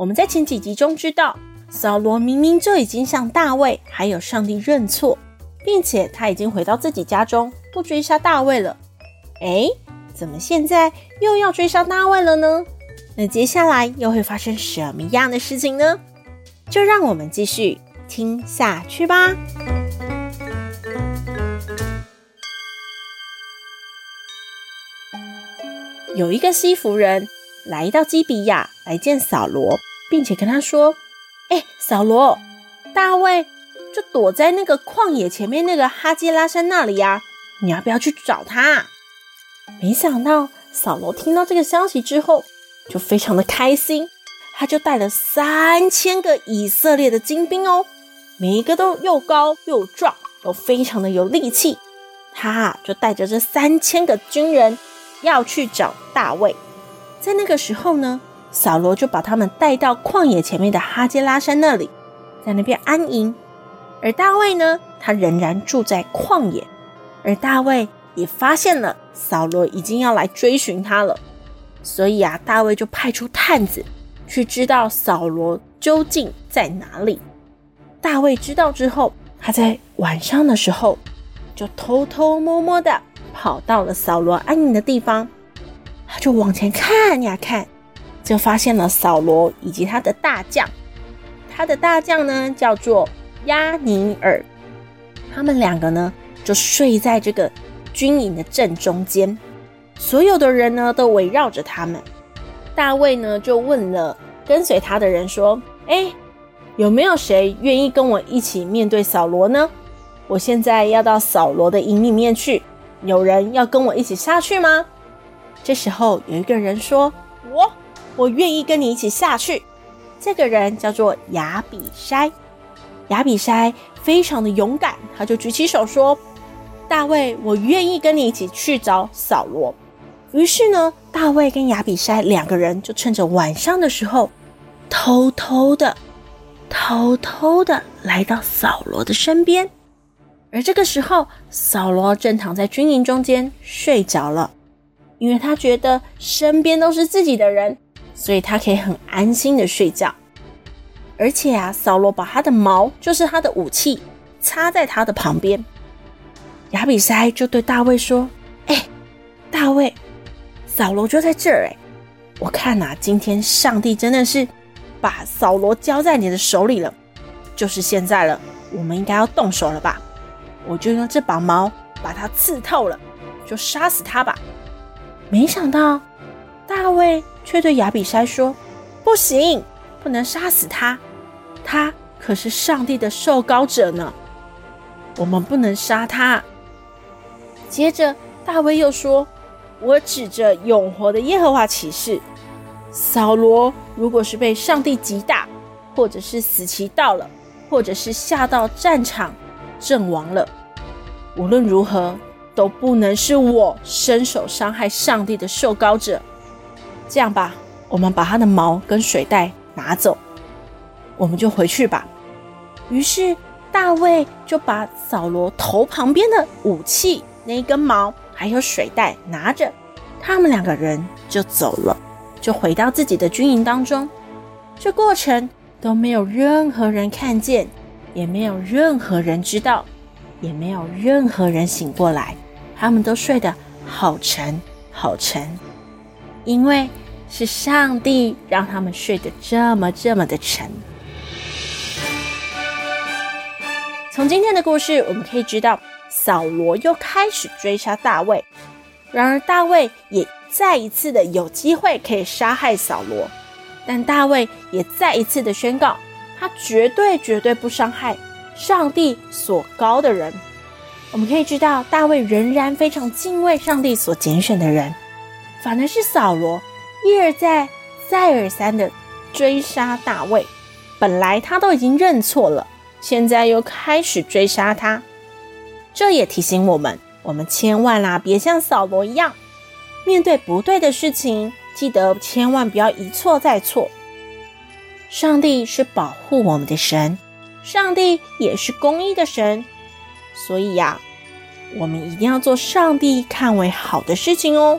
我們在前幾集中知道，掃羅明明就已經向大衛還有上帝認錯，並且他已經回到自己家中，不追殺大衛了。哎，怎麼現在又要追殺大衛了呢？那接下來又會發生什麼樣的事情呢？就讓我們繼續聽下去吧。有一個西弗人來到基比亞來見掃羅。並且跟他說：“哎、欸，掃羅，大衛就躲在那個曠野前面那個哈基拉山那裡呀、啊，你要不要去找他？”沒想到掃羅聽到這個消息之後，就非常的開心，他就帶了三千個以色列的精兵哦，每一個都又高又壯，都非常的有力氣，他就帶着這三千個軍人要去找大衛。在那個時候呢，掃羅就把他們帶到曠野前面的哈基拉山那裡，在那邊安營。而大衛呢，他仍然住在曠野。而大衛也發現了掃羅已經要來追尋他了，所以啊，大衛就派出探子去知道掃羅究竟在哪裡。大衛知道之後，他在晚上的時候就偷偷摸摸的跑到了掃羅安營的地方，他就往前看呀看。就發現了掃羅以及他的大將，他的大將呢，叫做押尼珥，他們兩個呢就睡在這個軍營的正中間，所有的人呢都圍繞着他們。大衛呢就問了跟隨他的人說：“哎，有沒有誰願意跟我一起面對掃羅呢？我現在要到掃羅的營裡面去，有人要跟我一起下去嗎？”這時候有一個人說：“我。”我願意跟你一起下去。這個人叫做亞比篩，亞比篩非常的勇敢，他就舉起手說：“大衛，我願意跟你一起去找掃羅。”於是呢，大衛跟亞比篩兩個人就趁着晚上的時候，偷偷的、偷偷的來到掃羅的身邊。而這個時候，掃羅正躺在軍營中間睡着了，因為他覺得身邊都是自己的人。所以他可以很安心的睡覺，而且啊，掃羅把他的矛，就是他的武器，插在他的旁邊。亞比篩就對大衛說：“哎、欸，大衛，掃羅就在這兒哎、欸，我看吶、啊，今天上帝真的是把掃羅交在你的手裡了，就是現在了，我們應該要動手了吧？我就用這把矛把他刺透了，就殺死他吧。沒想到。”大衛卻對亞比篩說：“不行，不能殺死他，他可是上帝的受膏者呢。我們不能殺他。”接着大衛又說：“我指着永活的耶和華起誓，掃羅如果是被上帝擊打，或者是死期到了，或者是下到戰場陣亡了，無論如何都不能是我伸手傷害上帝的受膏者。”這樣吧，我們把他的矛跟水袋拿走，我們就回去吧。於是大衛就把掃羅頭旁邊的武器、那一根矛還有水袋拿着，他們兩個人就走了，就回到自己的軍營當中。這過程都沒有任何人看見，也沒有任何人知道，也沒有任何人醒過來，他們都睡得好沉好沉，因為。是上帝讓他們睡得這麼這麼的沉。從今天的故事，我們可以知道，掃羅又開始追殺大衛。然而，大衛也再一次的有機會可以殺害掃羅，但大衛也再一次的宣告，他絕對絕對不傷害上帝所膏的人。我們可以知道，大衛仍然非常敬畏上帝所揀選的人，反而是掃羅。一而再，再而三的追殺大衛。本來他都已經認錯了，現在又開始追殺他。這也提醒我們，我們千萬啦、啊，別像掃羅一樣，面對不對的事情，記得千萬不要一錯再錯。上帝是保護我們的神，上帝也是公義的神，所以呀、啊，我們一定要做上帝看為好的事情哦。